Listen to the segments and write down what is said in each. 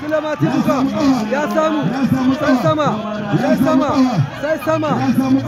Sulama Tibuka ya samu sama sama sai sama sama ya samu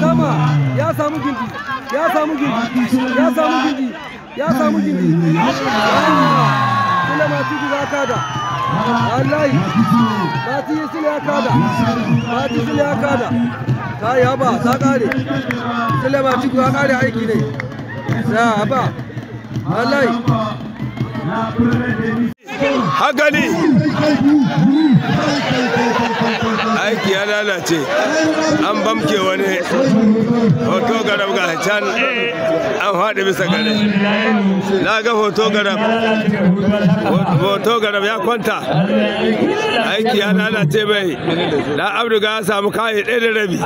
sama ya samu gindi ya samu gindi ya samu ya samu ile matiki za ka da wallahi matiki sile ya ka da matiki sile ya ka da ta yi haba ta kare sile matiki ya da aiki ne za a haba wallahi hagani aiki ya lalace an bamke wani hoto garab ga can an haɗe bisa gare na ga hoto garab hoto garab ya kwanta aiki ya lalace bai na abduga ya samu kayi ɗaya da rabi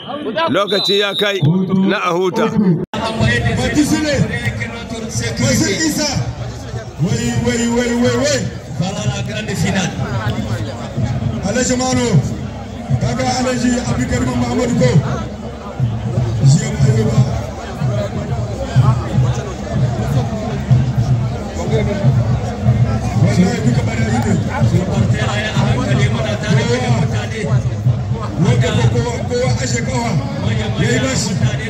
lokaci ya kai na a huta Batisile, Monsieur Issa. Oui, oui, oui, oui, oui. Voilà la grande finale. Allez, Jamano. Daga Allez, Abdelkarim Mahmoud Go. Wallahi duka bari a ido. Supporter a yi a hankali muna tare da mutane. Wanda kowa kowa ashe kawa. Ya yi bashi.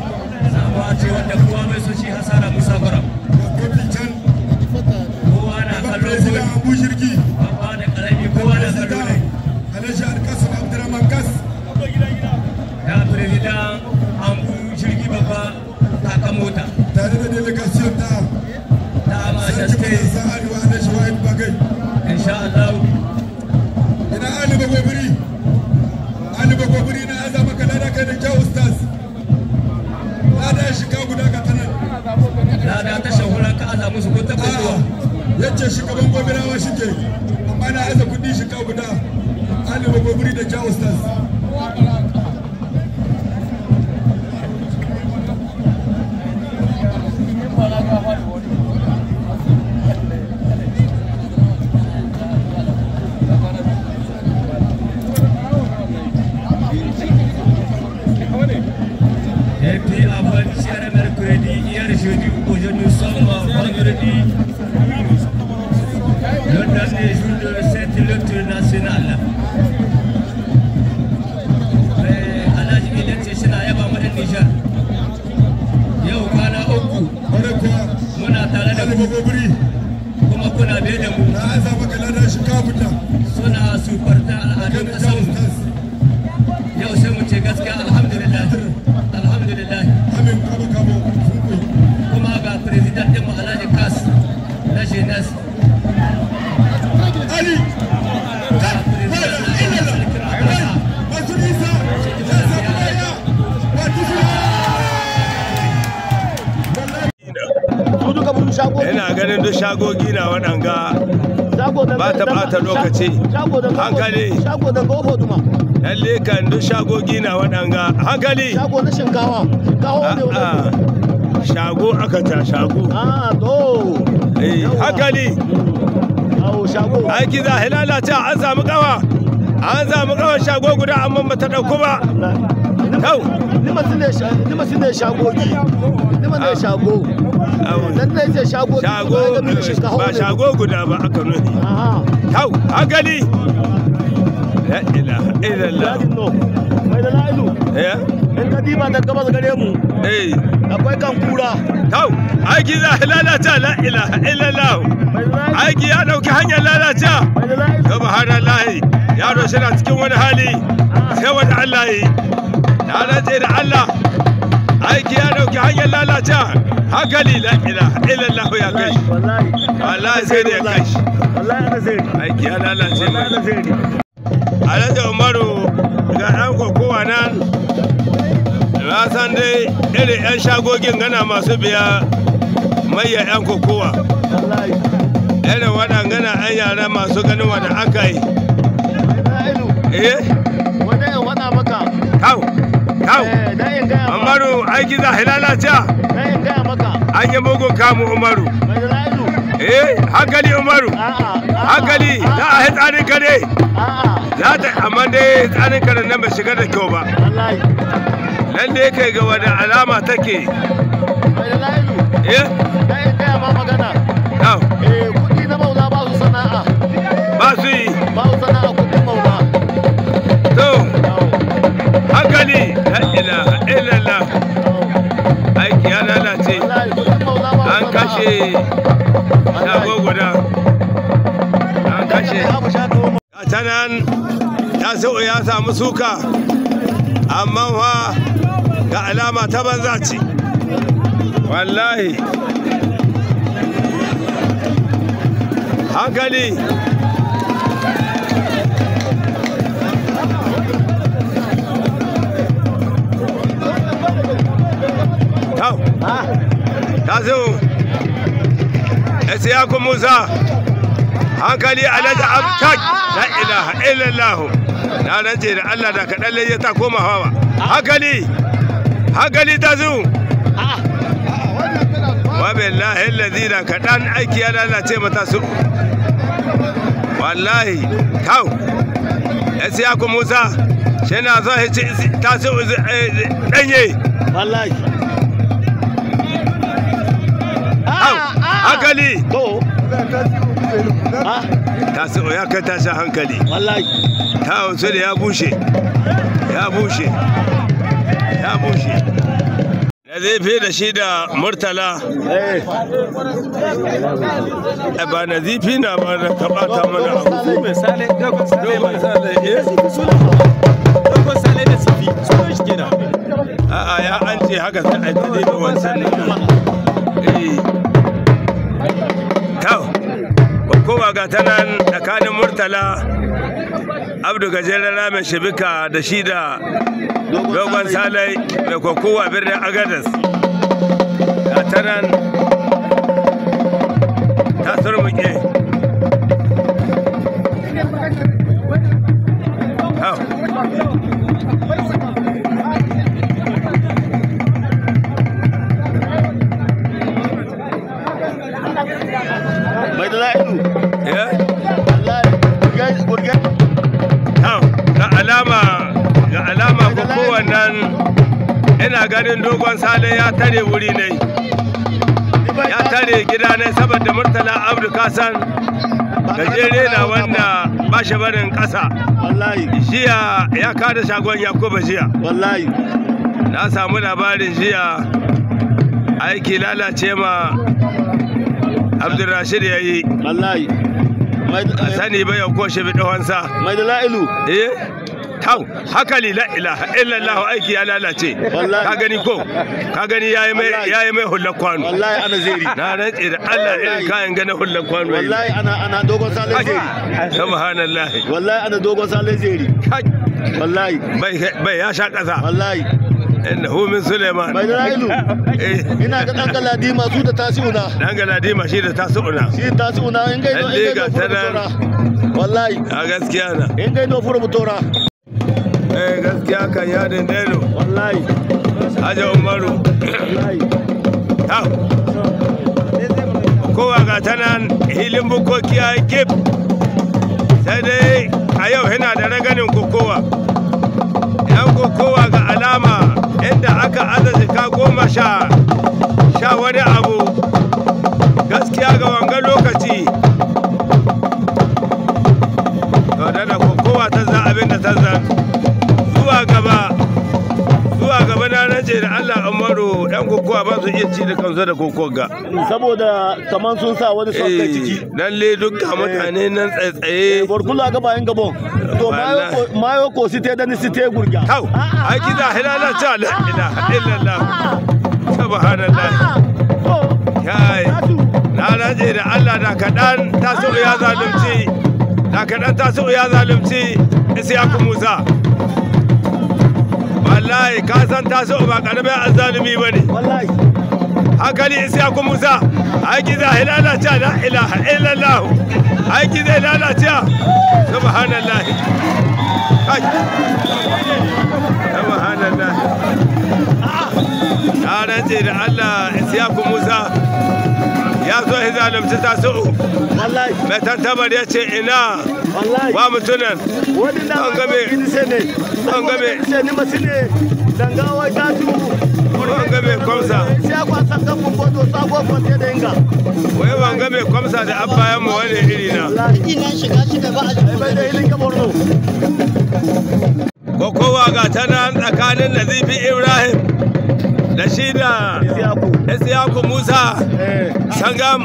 sabuwa ce kowa mai hasara musa kowa na kallon gol kowa na kallon ne alhaji alkasun abdurrahman kas jirgi babba taka mota tare da delegation ta ta ma da state ce shugaban gobirawa shi ke amma na aza kudi shi ka guda alibu gobiri da jawo stars lokaci hankali shago da goho duma lalle kan duk shagogi na waɗanga hankali shago na shinkawa kawo ah, ne ah. shago aka ta shago a ah, to eh hankali au shago ai ki za hilala ta an samu kawa an samu kawa shago guda amma ba ta ɗauku ba kau limasin ne shagogi ah. shago shago shago ba shago guda ba aka mai da la'ilu eh? in da gabas gare mu eh akwai kan kura kawai! aiki za lalata la aiki ya dauki hanyar lalata yaro shi na cikin wani hali ah. sai wani na rantse da Allah aiki ya dauki hanyar lalata hankali la ila ilallahu ya kai wallahi sai da ya kai aiki ya lalace mai alhaji umaru ga ɗan kokowa nan na san dai irin 'yan shagogin gana masu biya maye 'yan kokowa irin gana 'yan yara masu ganin wani aka yi eh? wadda maka kawo hau eh, umaru aiki za a lalaca an yi mugu kamu umaru eh hankali umaru hankali za a yi tsarin kare za ta amma dai tsarin kare nan bai shiga da kyau ba lalle kai ga wani alama take eh aiki ya lalace an kashe shago guda an kashe ta nan tasiru ya samu suka amma fa ga alama ta banza ce wallahi hankali tasiru isiyaku musa hankali alhaji ah, abkak ah, la ah, ilaha illallah na rance da allah da kaɗan laye ta koma hawa hankali hankali Wa wabillahi lazi da kaɗan aiki ya lalace mata su wallahi kawo isiyaku musa shi na zo shi tasiru eh, ɗanye wallahi hankali ta to ya kai tashin hankali wallahi ta wasu da ya bushe ya bushe ya bushe da zai da shi da murtala eh, ba na zifi na ba na tabata mana abu misali dogon sale misali eh, eh dogon sale da sifi sunan shi kenan a'a ya an ce haka sai a yi da wancan karawa tanan tsakanin murtala abdu gajeren ramin shibika da shida dogon salai da kokowa birnin agadas ga tanan ta surmuke garin dogon sale ya tare wuri ne ya tare gida ne saboda murtala abdu san gajere na wanda ba shi barin kasa jiya ya kada shagon yakuba jiya na samu labarin jiya aiki lalace ma abdurrashid ya yi a sani bai yau ko shi bi ɗahonsa mai da la'ilu eh tau hakali la ilaha illallah aiki ya lalace ka gani ko ka gani yayi mai yayi mai hullar kwano wallahi ana ziri na rantsi da Allah irin kayan gane hullar kwano wallahi ana ana dogon sale zeri subhanallah wallahi ana dogon sale zeri wallahi bai bai ya sha kasa wallahi innahu min Suleiman. Bai ilu eh. Ina ga dan galadima su da tasiuna. Dan galadima shi da tasiuna. Shi tasiuna in gaido in gaido fura mutora. Wallahi. A gaskiya na. In gaido fura mutora. eh gaskiya kan ya dindelo wallahi haja umaru kowa ga tanan hilin bukoki a kip sai dai a yau yana da raganin kokowa yan kokowa ga alama inda aka ka goma sha sha wani abu gaskiya ga wanga lokaci to da kokowa ta za abin da ta zan nace da Allah Umaru ɗan kokowa ba su iya ci da kansu da kokon ga saboda kaman sun sa wani son kai eh, ciki lalle dukkan mutane nan eh, tsaye-tsaye. Eh, barkula ga bayan gabon to mayo ko si te dani si te gurga hau ah, ah, ai ah, kida hilala ta la ilaha illallah subhanallah oh. kai na nace da Allah da kadan taso ya zalunci da kadan taso ya zalunci sai aku Musa wallahi ka san so ba karamin azalimi ba ne hakali sai ku musa aiki hilala ta la ilaha allah aiki zai lalace subhanallah kai subhanallah na rantse da allah sai ku musa ya zo ya zalunci tasu'u mai tantamar ya ce ina ba mutunan an game wanga mai kwamsa da abba ya mu wani iri na kokowa tana tsakanin nazifi ibrahim da shi da isiyaku musa eh. sangam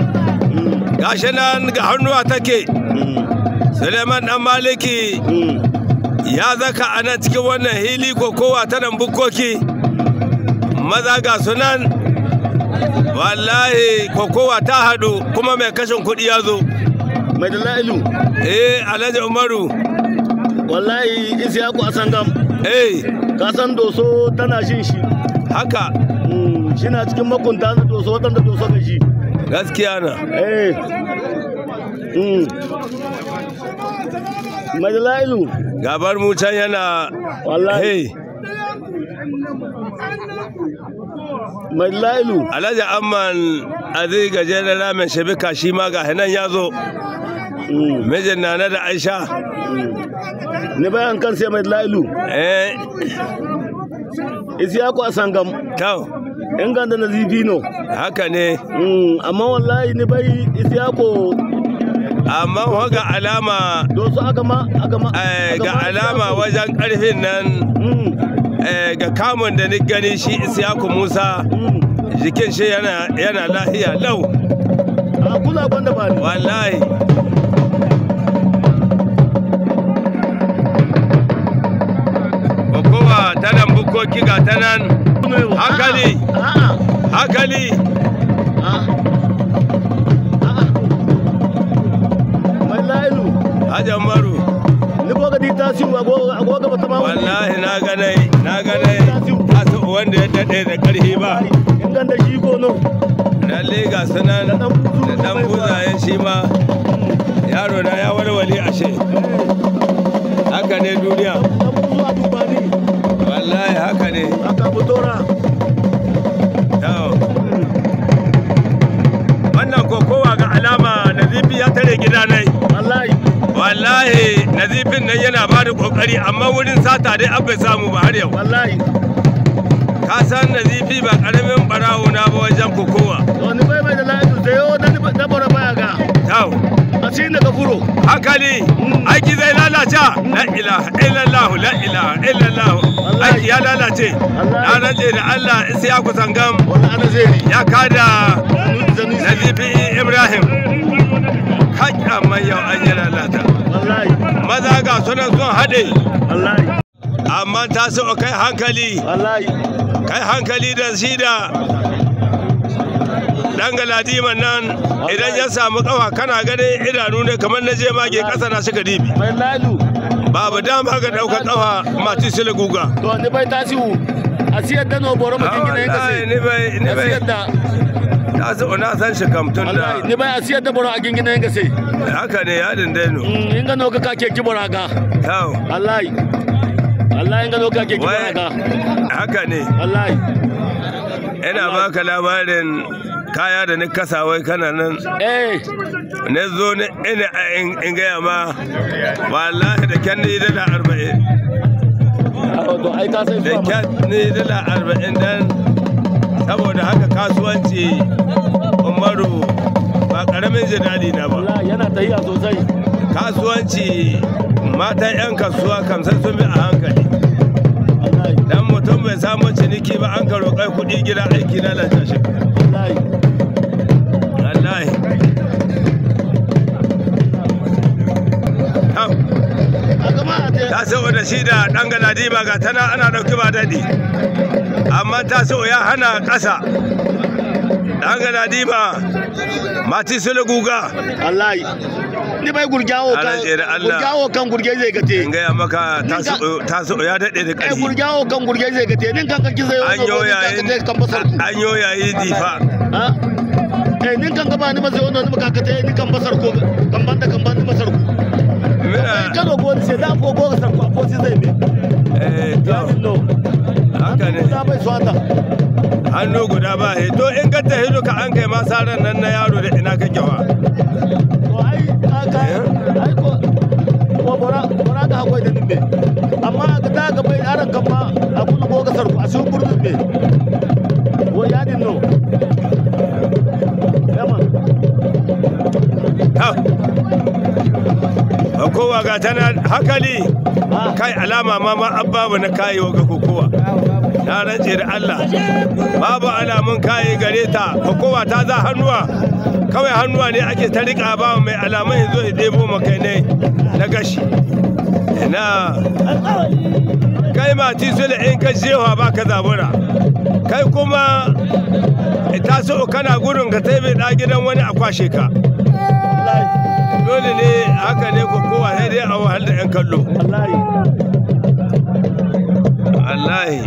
gashi nan ga hannuwa take suleiman dan maliki ya zaka a nan cikin wannan hili kokowa ta nan bukkoki maza ga sunan wallahi kokowa ta hadu kuma mai kashin kudi ya zo mai dala'ilu eh alhaji umaru wallahi isiyaku a sangam eh kasan doso tana shin shi haka mm, shi na cikin makunta na doso waɗanda doso da shi gaskiya na eh mm. majalailu gabar mu can yana wallahi majalailu alhaji amman aziz gajeren ramen shabika shi ma ga nan ya zo mm. mijin nana da aisha ni bayan kan sai majalailu eh isiyaku a sangam to in ganda na zibino haka ne mm, amma wallahi ni bai isiyaku amma eh, ga alama dosu agama agama ga alama wajen karfin nan mm. eh, ga kamun da ni gani shi isiyaku musa mm. jikin shi yana lahiya lau a ah, kula gwanda ba wallahi doki ga ta nan hankali hankali Maru. Ni ko ta Wallahi na ya daɗe da karhi ba. In da shi ko na ya walwale ashe. Eh. Haka duniya. haka ne haka ku wannan kokowa ga alama nazifi ya tare gida nai wallahi wallahi nazifin nan yana ba da kokari amma wurin sata dai an bai samu ba har yau wallahi ka san nazifi ba karamin barawo na ba wajen kokowa wani bai bai da lafiya da yau da dabara baya ga yau a cikin da kafuro hankali mm. aiki zai lalata la ilaha illallah la ilaha ya lalace na rantse da Allah Isiyaku Sangam ya kada Nazifi e Ibrahim hakka mai yau an yi lalata maza ga sunan sun haɗe amma ta su kai hankali kai hankali da shi da dan galadiman nan idan ya samu kawa kana ganin idanu ne kamar na je mage kasa na shiga dibi babu dama ga daukar kafa mati sile guga to ni bai tasiu a siyar da no boro mutum gina yanka sai ni bai ni bai ta da na san shi kam tun da ni bai a siyar da boro a gingina yanka sai haka ne ya dindino mm, in ga no ka kake ki boro ga to wallahi wallahi in ga no ka kake ki boro ga haka ne wallahi ina baka labarin kaya da ni kasawai kana nan eh ne zo ne ina a in gaya ma wallahi da kyan ni dala arba'in da kyan ni dala arba'in dan saboda haka kasuwanci umaru ba karamin ji na ba yana tahiya sosai kasuwanci mata 'yan kasuwa kamsar sun bi a hankali dan mutum bai samu ciniki ba an ka roƙar kuɗi gida aiki na lantarki taso da shi da ɗan ba ga tana ana ɗauki ba daɗi amma ta so ya hana ƙasa ɗan galadiba mati sule guga wallahi ni bai gurgawo kan gurgawo kan gurge zai gate in ga maka ta ta so so ya daɗe da ƙarfi gurgawo kan gurge zai gate nin kan kake zai wani an yo basar an yo yayi difa eh nin kan gaba ni mazai wannan maka kate ni kan basar ko kan banda kan banda basar ko Eh. kano ko wani da ko ko san ko ko si zai eh to no haka ne da bai hannu guda ba he to in ka ta hido ka an kai ma saran nan na yaro da ina kake wa to ai aka eh? ai ko ko bora bora ka hakoi da amma ka ta ga bai aran kan ma ko ka sarku a su burdun wo ya din no ha kowa ga tana hakali kai alama ma ma babu na wa ga kokowa na rantse da Allah babu alamun kayi gare ta kokowa ta za hannuwa kawai hannuwa ne ake ta rika ba mai alamun yanzu ya debo makai ne na gashi na kai ti sule in ka jewa ba ka zabura kai kuma ta so kana gudun ka taibe da gidan wani a kwashe ka dole ne haka ne ko kowa sai dai a wahal da yan kallo wallahi